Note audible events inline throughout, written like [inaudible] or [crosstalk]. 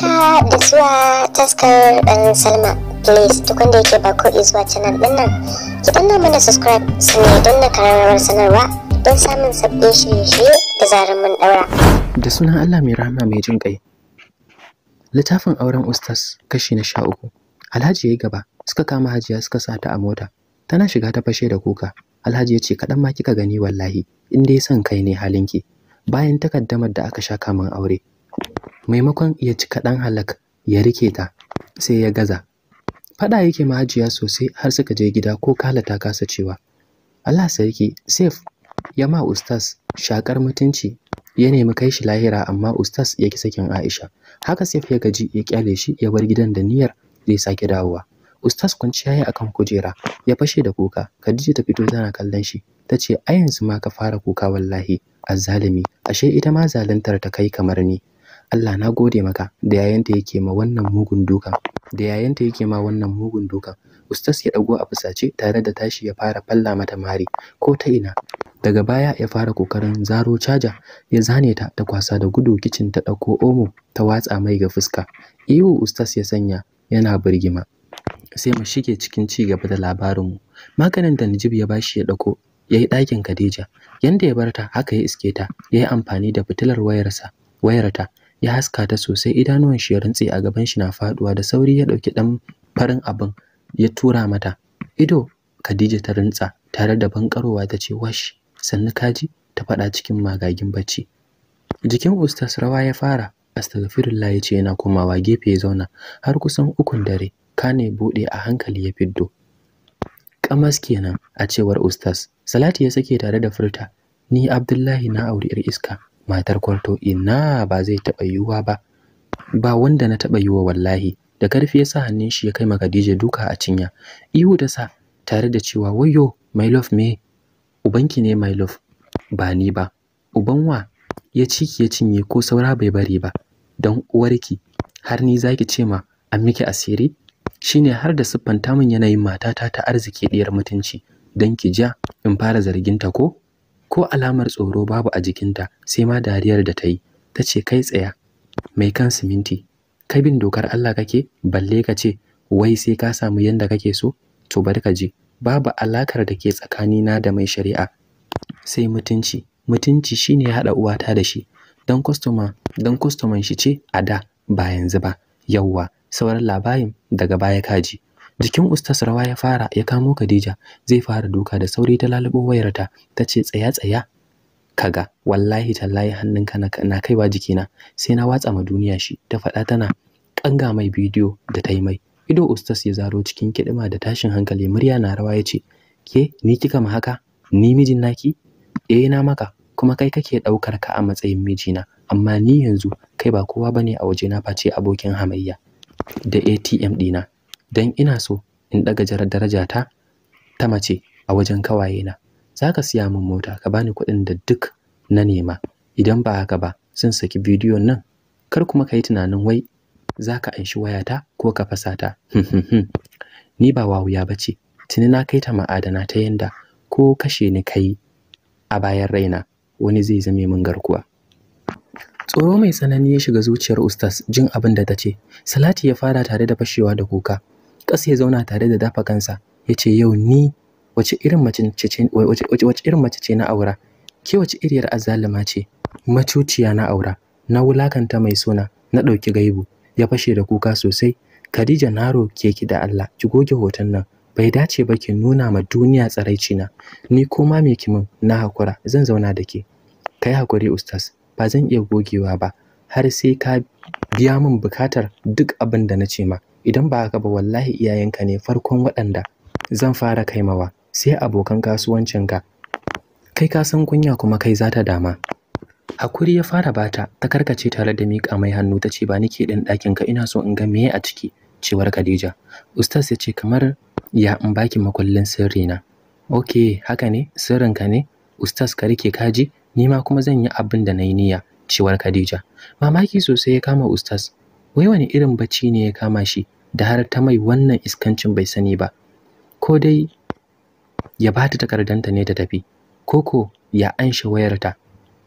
haka da zuwa taskar dan salma please duk wanda yake ba ko zuwa canal din nan ki danna mana subscribe su ne don na kararrawar sanarwa don samun sabbin shirye-shirye da zarar mun daura da sunan allah mai rahama mai jin kai littafin auren ustas kashi na sha uku alhaji ya yi gaba suka kama hajiya suka sa ta a mota tana shiga ta fashe da kuka alhaji ya ce kaɗan ma kika gani wallahi in dai son kai ne halinki bayan takaddamar da aka sha kamun aure maimakon ya ci kaɗan halak ya rike ta sai ya gaza faɗa yake mahajiya sosai har suka je gida ko kala ta kasa cewa Allah sarki saif ya ma ustas shakar mutunci ya nemi kai shi lahira amma ustas ya ki sakin Aisha haka saif ya gaji ya kyale shi ya bar gidan da niyyar zai sake dawowa ustas kwanciya ya akan kujera ya fashe da kuka Khadija ta fito tana kallon shi Ta ce a yanzu ma ka fara kuka wallahi azzalimi ashe ita ma zaluntar ta kai kamar ni Allah na gode maka da yayanta yake ma wannan mugun dukan da yayanta yake ma wannan mugun dukan ustas ya dago a fusace tare da tashi ya fara falla mata mari ko ta ina daga baya ya fara kokarin zaro caja ya zane ta ta kwasa da gudu kicin ta dauko omo ta watsa mai ga fuska ihu ustas ya sanya yana birgima sai mu shige cikin ci gaba da labarinmu maganin da Najib ya bashi ya dauko yayi yi ɗakin Khadija yanda ya barta haka ya iske ta ya yi amfani da fitilar wayarsa wayarta ya haska ta sosai idanuwan shi ya rantse a gaban shi na faduwa da sauri ya dauki dan farin abin ya tura mata ido Khadija ta rantsa tare da bankarowa ta ce wash sannu kaji ta faɗa cikin magagin bacci jikin ustas rawa ya fara astaghfirullah ya ce yana komawa gefe ya zauna har kusan ukun dare kane bude a hankali ya fiddo kamas kenan a cewar ustas salati ya sake tare da furta ni abdullahi na auri yar iska matar kwarto ina ba zai taɓa yiwuwa ba ba wanda na taɓa yiwa wallahi da karfi ya sa hannun shi ya kai ma Khadija duka a cinya ihu da sa tare da cewa wayo my love me ubanki ne my love ba ni ba uban wa ya ciki ya cinye ko saura bai bari ba dan uwarki har ni zaki ce ma an miki asiri shine har da siffanta min yanayin matata ta arziki diyar mutunci don ki ja in fara zarginta ko ko alamar tsoro babu a jikinta sai ma dariyar da ta yi ta ce kai tsaya mai kan siminti kai bin dokar Allah kake balle ka ce wai sai ka samu yanda kake so to bari ka ji babu alakar da ke tsakanina da mai shari'a sai mutunci mutunci shine ya haɗa uwata da shi don kwastoma don kwastoman shi ce a da ba yanzu ba yawwa sauran labarin daga baya kaji jikin ustas rawa ya fara ya kamo Khadija zai fara doka da sauri ta lalubo wayarta ta ce tsaya tsaya kaga wallahi tallahi hannunka na kaiwa jikina sai na watsa ma duniya shi ta faɗa tana kanga mai bidiyo da ta yi mai ido ustas ya zaro cikin kidima da tashin hankali murya na rawa ya ce ke ni kika ma haka ni mijin naki eh na maka kuma kai kake ɗaukar ka a matsayin mijina amma ni yanzu kai ba kowa bane a waje na face abokin hamayya da ATM ɗina don ina so in ɗaga daraja ta ta mace a wajen kawaye za ka siya min mota ka bani kuɗin da duk na nema idan ba haka ba sun saki bidiyon nan kar kuma ka yi tunanin wai za ka anshi wayata ko ka fasa ta [laughs] ni ba wawuya ba ce tuni na kai ta ma'adana ta yanda ko kashe ni kai a bayan raina wani zai zame min garkuwa tsoro mai tsanani ya shiga zuciyar ustas jin abin da ta ce salati ya fara tare da fashewa da kuka ƙasa ya zauna tare da dafa kansa ya ce yau ni wace irin mace ce na aura ke wace iriyar azalima ce macuciya na aura na wulakanta mai suna na ɗauki gaibu ya fashe da kuka sosai Khadija na roke ki da Allah ki goge hoton nan bai dace ba ki nuna ma duniya tsaraici na ni koma me kimin na hakura zan zauna da ke kai hakuri ustaz ba zan iya gogewa ba har sai ka biya min bukatar duk abin da na ce ma idan ba haka ba wallahi iyayenka ne farkon waɗanda zan fara kaimawa sai abokan kasuwancinka kai ka san kunya kuma kai za ta dama hakuri ya fara bata ta karkace tare da miƙa mai hannu ta ce ba nake ɗin ɗakin ka ina so in ga meye a ciki cewar Khadija ustaz ya ce kamar ya in baki makullin sirri na ok haka ne Sirrin ka ne ustaz ka rike kaji ni ma kuma zan yi abin da na yi niyya cewar Khadija mamaki sosai ya kama ustaz wai wani irin bacci ne ya kama shi da har ta mai wannan iskancin bai sani ba ko dai ya ba ta takardanta ne ta tafi ko ya anshe wayarta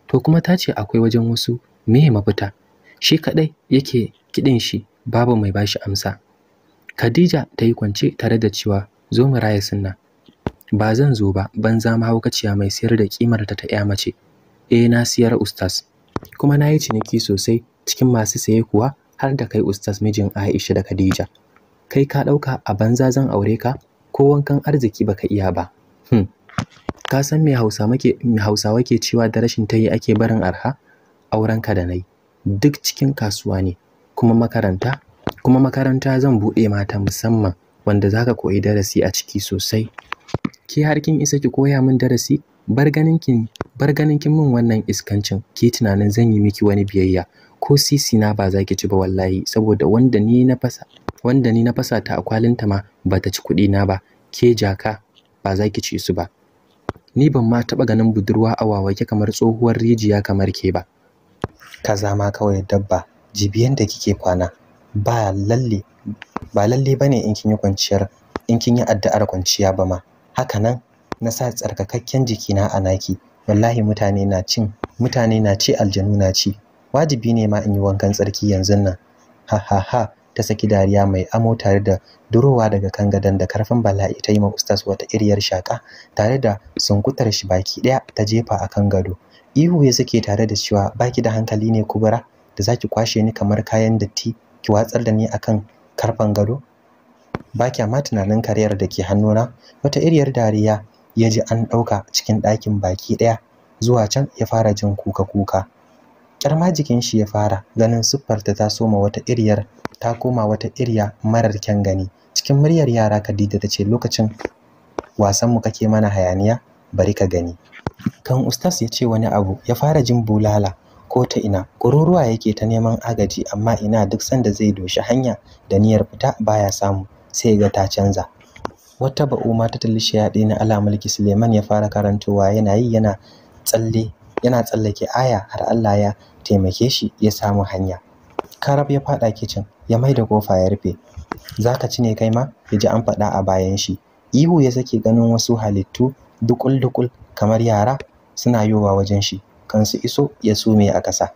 to kuma ta ce akwai wajen wasu me mafita shi kadai yake kidin shi babu mai bashi amsa Khadija ta yi kwance tare da cewa zo mu raya sunna ba zan zo ba banza mahaukaciya mai sayar da kimar ta ta ya mace eh na siyar ustaz kuma na yi ciniki sosai cikin masu saye kuwa har da kai ustaz mijin Aisha da Khadija kai ka ɗauka a banza zan aure ka ko wankan arziki baka iya ba hmm. ka san me hausa make hausawa ke cewa da rashin tayi ake barin arha auren ka da nai duk cikin kasuwa ne kuma makaranta kuma makaranta zan buɗe mata musamman wanda zaka koyi darasi a ciki sosai ki har kin isa ki koya min darasi bar ganin kin bar ganin kin min wannan iskancin ki tunanin zan yi miki wani biyayya ko sisi na ba za ki ci ba wallahi saboda wanda ni na fasa wanda ni na fasa ta a kwalinta ma ba ta ci kuɗi na ba ke jaka ba za ki ci su ba ni ban ma taɓa ganin budurwa a wawake kamar tsohuwar rijiya kamar ke ba kaza ma kawai dabba jibiyan da kike kwana ba lalle ba lalle bane in kin yi kwanciyar in kin yi addu'ar kwanciya ba ma haka nan na sa tsarkakakken jikina a naki wallahi mutane na cin mutane na ce aljanu na ci wajibi ne ma in yi wankan tsarki yanzun nan ha ha ha ta saki dariya mai amo tare da durowa daga kan gadon da karfin bala'i ta yi ma ustas wata iriyar shaka tare da sunkutar shi baki daya ta jefa a kan gado ihu ya suke tare da cewa baki da hankali ne kubura da zaki kwashe ni kamar kayan datti ki watsar da ni akan karfan gado ba kya ma tunanin karyar da ke hannuna wata iriyar dariya ya ji an ɗauka cikin ɗakin baki ɗaya zuwa can ya fara jin kuka-kuka Kyarma jikin shi ya fara ganin siffarta ta soma wata iriyar ta koma wata iriya marar kyan gani. Cikin muryar yara Khadija ta ce lokacin wasan mu kake mana hayaniya bari ka gani. Kan ustas ya ce wani abu ya fara jin bulala ko ta ina kururuwa yake ta neman agaji amma ina duk sanda zai doshi hanya da niyyar fita baya samu sai ga ta canza. Wata ba'u ta talishiya na alamulki Suleiman ya fara karantowa yana yi yana tsalle yana tsallake aya har Allah ya taimake shi ya samu hanya karab ya fada kicin ya mai da kofa ya rufe zaka ci ne kai ma ya ji an faɗa a bayan shi ihu ya sake ganin wasu halittu dukul dukul kamar yara suna yowa wajen shi kansu iso ya sume a ƙasa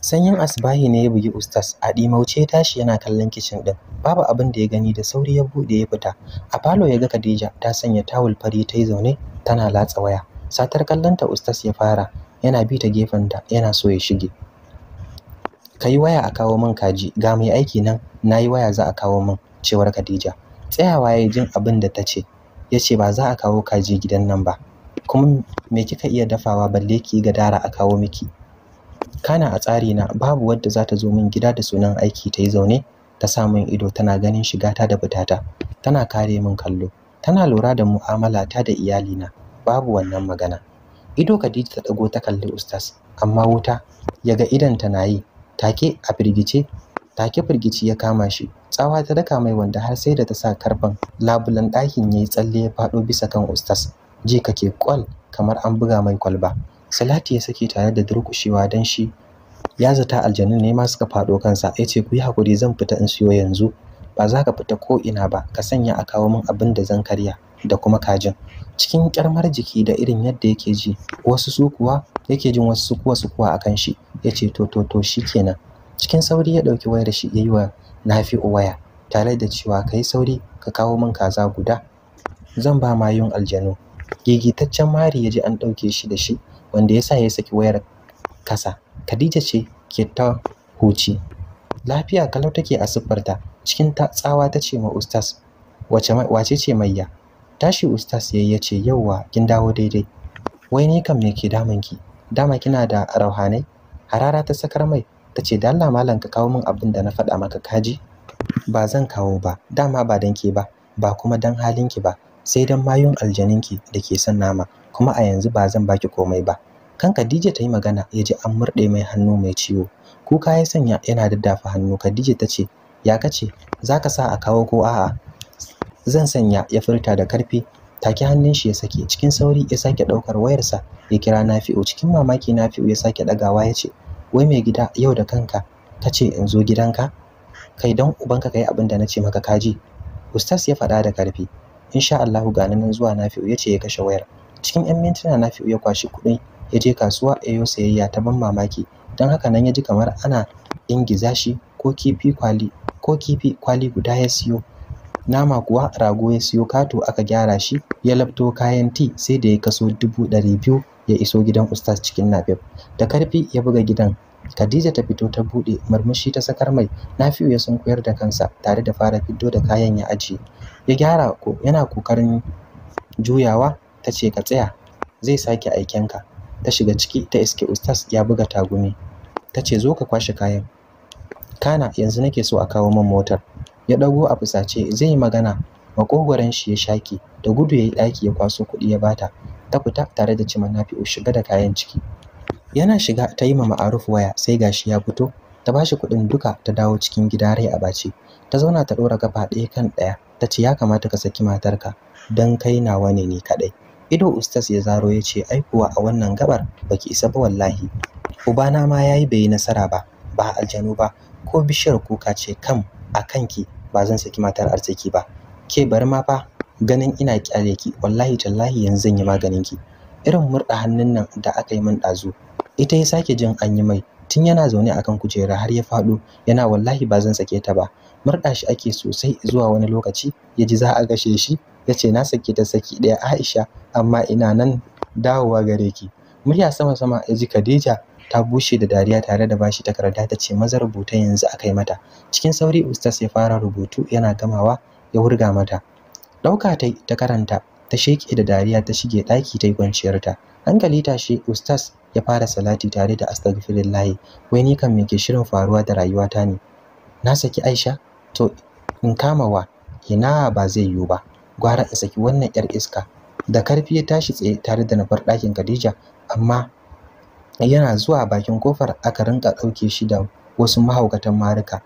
sanyin asbahi ne ya bugi ustas a ɗimauce tashi yana kallon kicin ɗin babu abin da ya gani da sauri ya buɗe ya fita a falo ya ga khadija ta sanya tawul fari ta yi zaune tana latsa waya satar kallonta ustas ya fara yana bi ta gefen gefenta yana so ya shige ka yi waya a kawo min kaji ga mai aiki nan na yi waya za a kawo min cewar khadija tsayawa ya jin abin da ta ce ya ce ba za a kawo kaji gidan nan ba kuma me kika iya dafawa balle ki ga dara a kawo miki kana a tsari na babu wadda za ta zo min gida da sunan aiki ta yi zaune ta sa min ido tana ganin shiga ta da fitata tana kare min kallo tana lura da mu'amala ta da iyalina babu wannan magana ido Khadija ta dago ta kalli ustaz amma wuta yaga idan ta nayi take a firgice take firgici ya kama shi tsawa ta daka mai wanda har sai da ta sa karfan labulan ɗakin yayi tsalle ya faɗo bisa kan ustaz ji kake kwal kamar an buga mai kwalba salati ya sake tare da durkushewa dan shi ya zata aljanu ne ma suka faɗo kansa ya ce ku yi hakuri zan fita in siyo yanzu ba za ka fita ko ina ba ka sanya a kawo min abin da zan karya da kuma kajin cikin kyarmar jiki da irin yadda yake ji wasu su kuwa yake jin wasu sukuwa sukuwa akan shi ya ce to to to shi kenan. cikin sauri ya ɗauki wayar shi ya yi wa nafi'u waya tare da cewa ka yi sauri ka kawo min kaza guda zan ba mayun aljanu gigitaccen mari ya ji an ɗauke shi da shi wanda ya sa ya saki wayar kasa khadija ce ke ta huci lafiya kalau take a siffarta cikin tsawa ta ce ma ustaz wace ce mayya tashi ustaz yayi ya ce yauwa kin dawo daidai wai ni kam me ke damun ki dama kina da rauhanai harara ta sakar mai tace ce da Allah malam ka kawo min abin da na faɗa maka kaji ba zan kawo ba dama ba dan ke ba ba kuma dan halin ki ba sai dan mayun ki da ke son nama kuma a yanzu ba zan baki komai ba kan Khadija ta yi magana ya ji an murɗe mai hannu mai ciwo kuka ya sanya yana daddafa hannu Khadija ta ce ya kace za ka sa a kawo ko a'a zan sanya ya furta da karfi take hannun shi ya sake cikin sauri ya sake daukar wayarsa ya kira Nafi'u cikin mamaki Nafi'u ya sake dagawa ya ce wai mai gida yau da kanka tace in zo gidanka kai dan ubanka kai abin da na ce maka kaji Ustaz ya faɗa da karfi insha Allahu ga nan zuwa Nafi'u ya ce ya kashe wayar cikin 'yan mintuna Nafi'u ya kwashi kuɗin ya je kasuwa ya sayayya ta ban mamaki don haka nan ya ji kamar ana ingiza shi ko kifi kwali ko kifi kwali guda ya siyo nama kuwa rago ya siyo kato aka gyara shi ya labto kayan ti sai da ya kaso dubu ɗari biyu ya iso gidan ustaz cikin nafif da karfi ya buga gidan Khadija ta fito ta buɗe murmushi ta sakar mai Nafi'u ya sunkuyar da kansa tare da fara fito da kayan ya aji. ya gyara ko yana kokarin juyawa ta ce ka tsaya zai sake aikenka ta shiga ciki ta iske ustaz ya buga tagumi ta ce zo ka kwashe kayan kana yanzu nake so a kawo min motar ya ɗago a fusace zai yi magana makogoran shi ya shaki, da gudu ya yi ɗaki ya kwaso kuɗi ya bata ta fita tare da cima nafi'u shiga da kayan ciki yana shiga ta yi ma ma'aruf waya sai gashi ya fito ta ba shi kuɗin duka ta dawo cikin gida rai a bace ta zauna ta ɗora gaba ɗaya kan ɗaya ta ce ya kamata ka saki matarka don kai nawa ne ni kaɗai ido ustas ya zaro ya ce ai a wannan gabar baki isa ba wallahi ubana ma yayi bai yi nasara ba ba aljanu ba ko bishiyar kuka ce kam a kanki ba zan saki matar arziki ba ke bari ma fa ganin ina kyale ki wallahi tallahi yanzu zan yi maganin ki irin murda hannun nan da aka yi min ɗazu ita ya sake jin an yi mai tun yana zaune akan kujera har ya faɗo yana wallahi ba zan sake ta ba murda shi ake sosai zuwa wani lokaci ya ji za a gashe shi ya ce na sake ta saki ɗaya aisha amma ina nan dawowa gare ki murya sama sama ya ji khadija ta bushe da dariya tare da bashi takarda ta ce maza rubuta yanzu akai mata cikin sauri Ustas ya fara rubutu yana gamawa ya wurga mata ɗauka ta ta karanta ta sheke da dariya ta shige ɗaki ta yi kwanciyarta hankali tashi ustaz ya fara salati tare da astaghfirullahi wai ni kan me shirin faruwa da rayuwata ne na saki aisha to in kama wa ina ba zai yiwu ba gwara in saki wannan yar iska da karfi ya tashi tsaye tare da nufar ɗakin khadija amma yana zuwa bakin kofar aka rinka ɗauke shi da wasu mahaukatan marika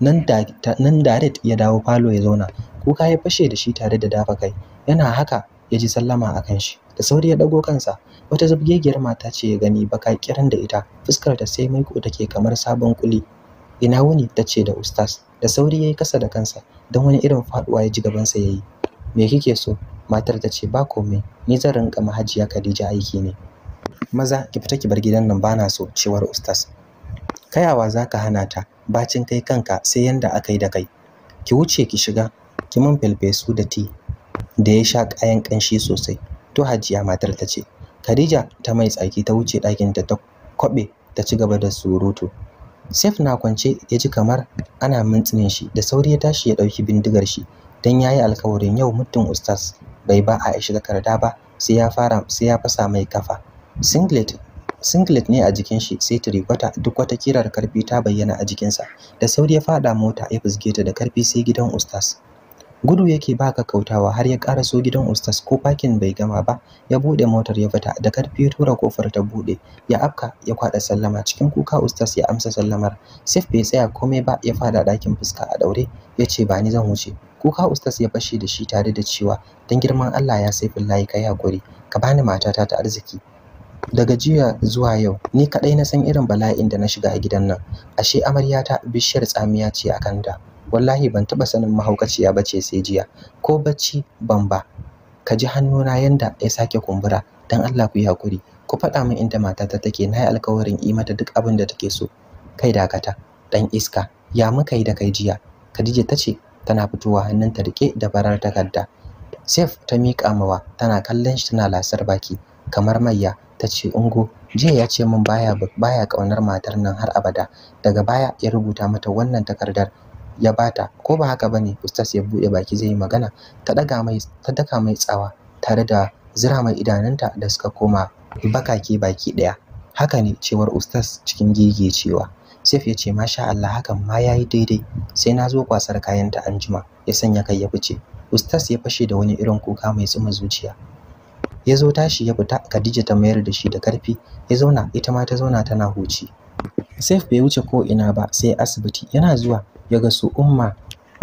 nan daret ya dawo falo ya zauna kuka ya fashe da shi tare da dafa kai yana haka ya ji sallama a kan shi da sauri ya ɗago kansa wata zubgegiyar mata ce ya gani baka kiran da ita fuskar ta sai maiko take kamar sabon kuli ina wuni ta ce da ustas da sauri ya yi kasa da kansa don wani irin faduwa ya ji gabansa ya yi me kike so matar ta ce ba komai ni zan rinka mahajiya khadija aiki ne maza ki fita ki bar gidan nan bana so cewar ustas kayawa zaka hana ta bacin kai kanka sai yanda yi da kai ki wuce ki shiga ki mun felfesu da ti da ya sha kayan kanshi sosai to hajiya matar ta ce khadija ta mai tsaki ta wuce ɗakin ta ta kwabe ta ci gaba da surutu Saif na kwance ya ji kamar ana mintsinin shi da sauri ya tashi ya ɗauki bindigar shi don ya yi alkawarin yau mutum Ustaz bai ba a shiga karda ba sai ya fara sai ya fasa mai kafa singlet singlet ne a jikin shi sai turikwata duk wata kirar karfi ta bayyana a jikinsa da sauri ya fada mota ya fusge ta da karfi sai gidan ustas gudu yake baka kautawa har ya so gidan ustas ko fakin bai gama ba ya buɗe motar ya fita da karfi ya tura kofar ta buɗe, ya afka ya kwaɗa sallama cikin kuka ustas ya amsa sallamar sif bai tsaya komai ba ya fada dakin fuska a ɗaure, ya ce ba ni zan wuce kuka ustas ya fashe da shi tare da cewa dan girman Allah ya sai billahi kai hakuri ka bani matata ta arziki daga jiya zuwa yau ni kadai na san irin bala'in da na shiga a gidan nan ashe amaryata bishiyar tsamiya ce a kanta wallahi ban taba sanin mahaukaciya ba ce sai jiya ko bacci ban ba ka ji hannuna yanda ya sake kumbura dan allah ku yi hakuri ku faɗa min inda matata take na yi alkawarin yi mata duk abin da take so kai dakata dan iska ya muka yi da kai jiya khadija ta ce tana fitowa hannunta rike da barar takarda Saif ta miƙa mawa tana kallon shi tana lasar baki kamar mayya ta ce ungo jiya ya ce min baya baya ƙaunar matar nan har abada daga baya ya rubuta mata wannan takardar ya bata ko ba haka bane ustaz ya buɗe baki zai yi magana ta daga mai ta daka mai tsawa tare da zira mai idanunta da suka koma bakake baki ɗaya haka ne cewar ustaz cikin cewa. Saif ya ce masha Allah hakan ma yayi daidai sai na zo kwasar kayanta anjima ya sanya kai ya fice ustaz ya fashe da wani irin kuka mai tsuma zuciya ya zo tashi ya fita Khadija ta mayar da shi da karfi ya zauna ita ma ta zauna tana huci Saif bai wuce ko ina ba sai asibiti yana zuwa ya ga su umma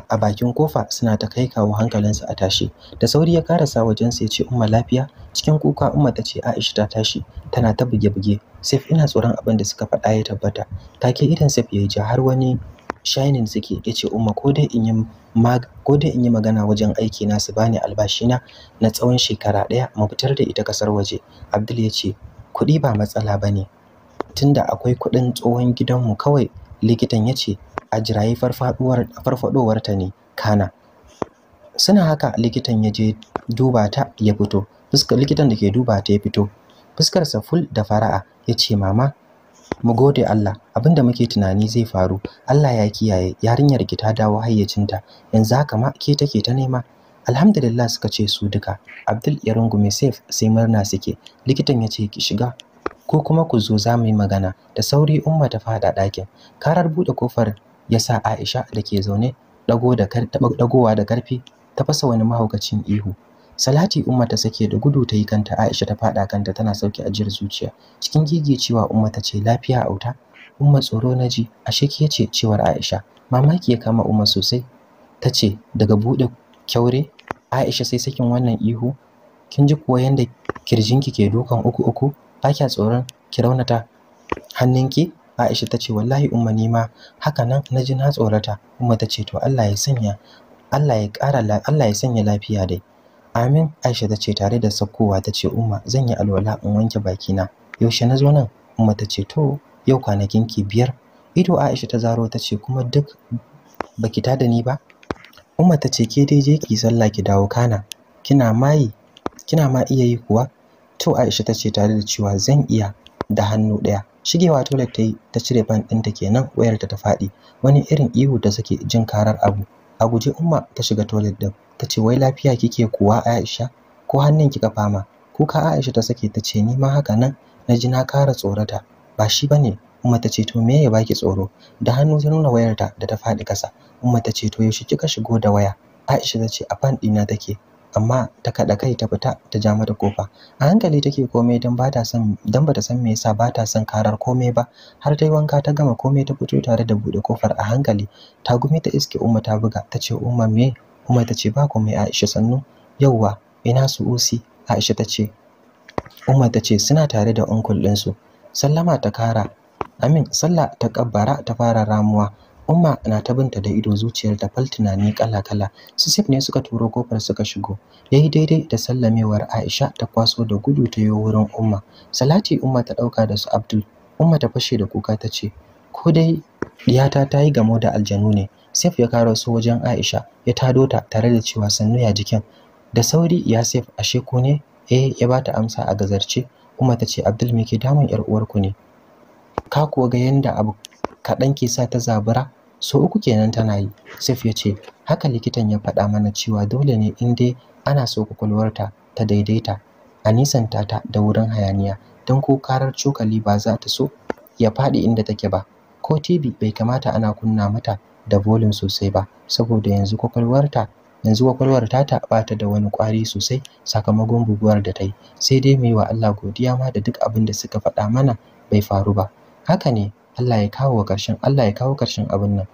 a bakin kofa suna ta kai kawo hankalinsa a tashi da sauri ya karasa wajen sai ce umma lafiya cikin kuka umma ta ce Aisha ta tashi tana ta buge-buge Saif ina tsoron abin da suka faɗa ya tabbata take idan Saif ya ji har wani shining suke ya ce umma ko dai in yi ko dai in yi magana wajen aiki na su bani albashina na tsawon shekara ɗaya mu fitar da ita kasar waje abdul ya ce kuɗi ba matsala bane tunda akwai kuɗin tsohon gidanmu kawai likitan ya ce a jirayi farfaɗowarta ta ne kana suna haka likitan ya je duba ta ya fito likitan da ke duba ta ya fito fuskarsa ful da fara'a ya ce mama mu gode Allah abinda muke tunani zai faru Allah ya kiyaye yarinyar ki ta dawo hayyacinta yanzu haka ma ke take ta nema alhamdulillah suka ce su duka Abdul ya rungume safe sai murna suke likitan ya ce ki shiga ko kuma ku zo za mu yi magana da sauri umma ta fada ɗakin karar buɗe kofar ya sa Aisha da ke zaune dagowa da karfi ta fasa wani mahaukacin ihu Salati Umma ta sake da gudu ta yi kanta Aisha ta faɗa kanta tana sauke ajiyar zuciya. Cikin cewa Umma ta ce lafiya auta. Umma tsoro na ji ashe ke ce cewar Aisha. Mamaki ya kama Umma sosai. Ta ce daga buɗe kyaure Aisha sai sakin wannan ihu. Kin ji kuwa yanda kirjinki ke dukan uku uku ba kya tsoron ki raunata hannunki? Aisha ta ce wallahi Umma ni ma haka nan na ji na tsorata. Umma ta ce to Allah ya sanya Allah ya ƙara Allah ya sanya lafiya dai. Amin Aisha ta ce tare da sakkowa ta ce Umma zan yi alwala in wanke baki na. Yaushe na zo nan? Umma ta ce to yau kwanakin ki biyar. Ido Aisha ta zaro ta ce kuma duk baki da ni ba? Umma ta ce ke dai je ki sallah ki dawo kana. Kina mayi? Kina ma iya yi kuwa? To Aisha ta ce tare da cewa zan iya da hannu ɗaya. Shigewa toilet ta yi ta cire ban ɗinta kenan wayarta ta faɗi. Wani irin ihu ta sake jin karar abu. A guje Umma ta shiga toilet ɗin. ta ce wai lafiya kike kuwa Aisha ko hannun kika fama kuka Aisha ta sake ta ce ni ma haka nan na ji na kara tsorata ba shi bane Umma ta ce to me ya baki tsoro da hannu ta nuna wayarta da ta faɗi ƙasa Umma ta ce to yaushe kika shigo da waya Aisha ta ce a fan ɗina take amma ta kada kai ta fita ta ja mata kofa a hankali take komai don ba ta san don ba ta san me yasa ba ta san karar komai ba har ta yi wanka ta gama komai ta fito tare da buɗe kofar a hankali ta gume ta iske umma ta buga ta ce umma me Umar ta ce ba mai Aisha sannu yauwa ina su usi Aisha ta ce Umar ta ce suna tare da din su sallama ta kara amin sallah ta kabbara ta fara ramuwa umma na ta binta da ido zuciyar ta fal tunani kala-kala su sif ne suka turo kofar suka shigo yayi daidai da sallamewar Aisha ta kwaso da gudu ta yo wurin umma salati umma ta dauka da su Abdul umma ta fashe da kuka ta ce ko dai diyata ta yi gamo da aljanu ne Yasif ya karo su wajen Aisha ya tado ta tare da cewa sannu ya jikin. Da sauri yasef ashe ku ne? Eh ya bata amsa a gazarce kuma tace ce Abdul me ke damun yar uwarku ne? Ka kuwa ga yanda abu kaɗan ke sa ta zabura so uku kenan tana yi. Sif ya ce haka likitan ya faɗa mana cewa dole ne in dai ana so kwakwalwarta ta daidaita a nisan tata da wurin hayaniya don ko karar cokali ba za ta so ya faɗi inda take ba ko TV bai kamata ana kunna mata da volume sosai ba saboda yanzu kwakwalwarta yanzu kwakwalwar ta taɓa ta da wani ƙwari sosai sakamakon buguwar da ta yi sai dai mu yi wa Allah godiya ma da duk abin da suka faɗa mana bai faru ba haka ne Allah ya kawo ƙarshen Allah ya kawo ƙarshen abin nan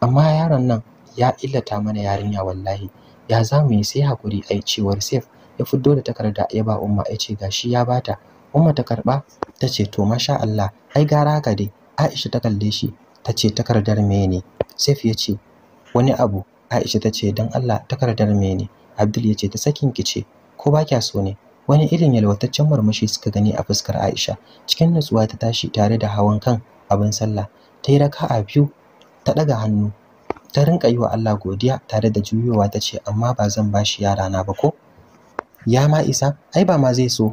amma yaron nan ya illata mana yarinya wallahi ya za mu yi sai hakuri ai cewar sef ya fiddo da takarda ya ba umma ya ce gashi ya bata umma ta karɓa ta ce to masha Allah ai gara ka dai Aisha ta kalle shi ta ce takardar me ne saif ya ce wani abu aisha tace dan allah takardar me ne abdul ya ce ta sakin ki ce ko ba kya so ne wani irin yalwataccen murmushi suka gani a fuskar aisha cikin nutsuwa ta tashi tare da hawan kan abin sallah ta yi raka a biyu ta ɗaga hannu ta rinka yi wa Allah godiya tare da juyowa ta ce amma ba zan bashi na ba ko ya ma isa ai ba ma zai so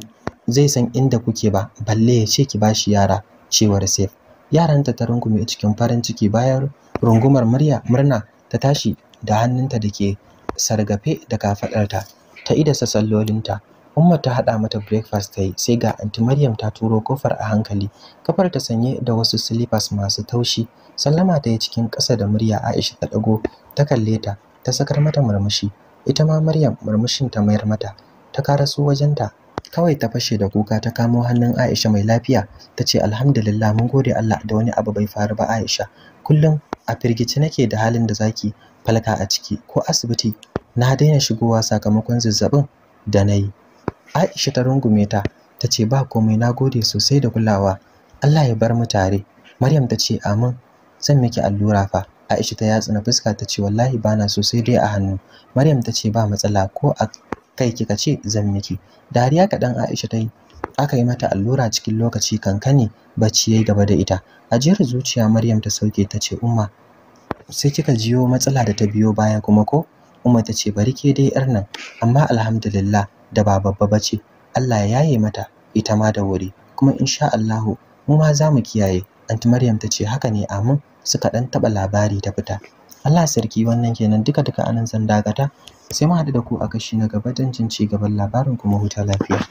zai san inda kuke ba balle ya ce ki bashi yara cewar Saif yaranta ta rungume cikin farin ciki bayan rungumar murya murna ta tashi da hannunta da ke sargafe da kafaɗarta ta idasa ta Umma ta haɗa mata breakfast ta sai ga anti Maryam ta turo kofar a hankali kafar ta sanye da wasu slippers masu taushi sallama ta yi cikin ƙasa da murya Aisha ta ɗago ta kalle ta ta sakar mata murmushi ita ma Maryam murmushin ta mayar mata ta karaso wajenta kawai ta fashe da kuka ta kamo hannun Aisha mai lafiya ta ce alhamdulillah mun gode Allah da wani abu bai faru ba Aisha kullum a firgici nake da halin da zaki falka a ciki ko asibiti na daina shigowa sakamakon zazzabin da na yi Aisha ta rungume ta ta ce ba komai na gode sosai da kulawa Allah ya bar mu tare Maryam ta ce amin zan miki allura fa Aisha ta yatsa na fuska ta ce wallahi bana sosai dai a hannu Maryam ta ce ba matsala ko a kai kika ce zan miki dariya kaɗan aisha ta yi aka yi mata allura cikin lokaci kankani bacci yayi gaba da ita ajiyar zuciya maryam ta sauke ta ce umma sai kika jiyo matsala da ta biyo baya kuma ko umma ta ce bari ke dai yar nan amma alhamdulillah da ba babba bace Allah ya yaye mata ita ma da wuri kuma insha Allahu mu ma za mu kiyaye anti maryam ta ce haka ne amin suka dan taba labari ta fita Allah sarki wannan kenan duka duka anan zan dakata sai mu haɗu da ku a kashi na gaba don jin ci gaban labarin kuma huta lafiya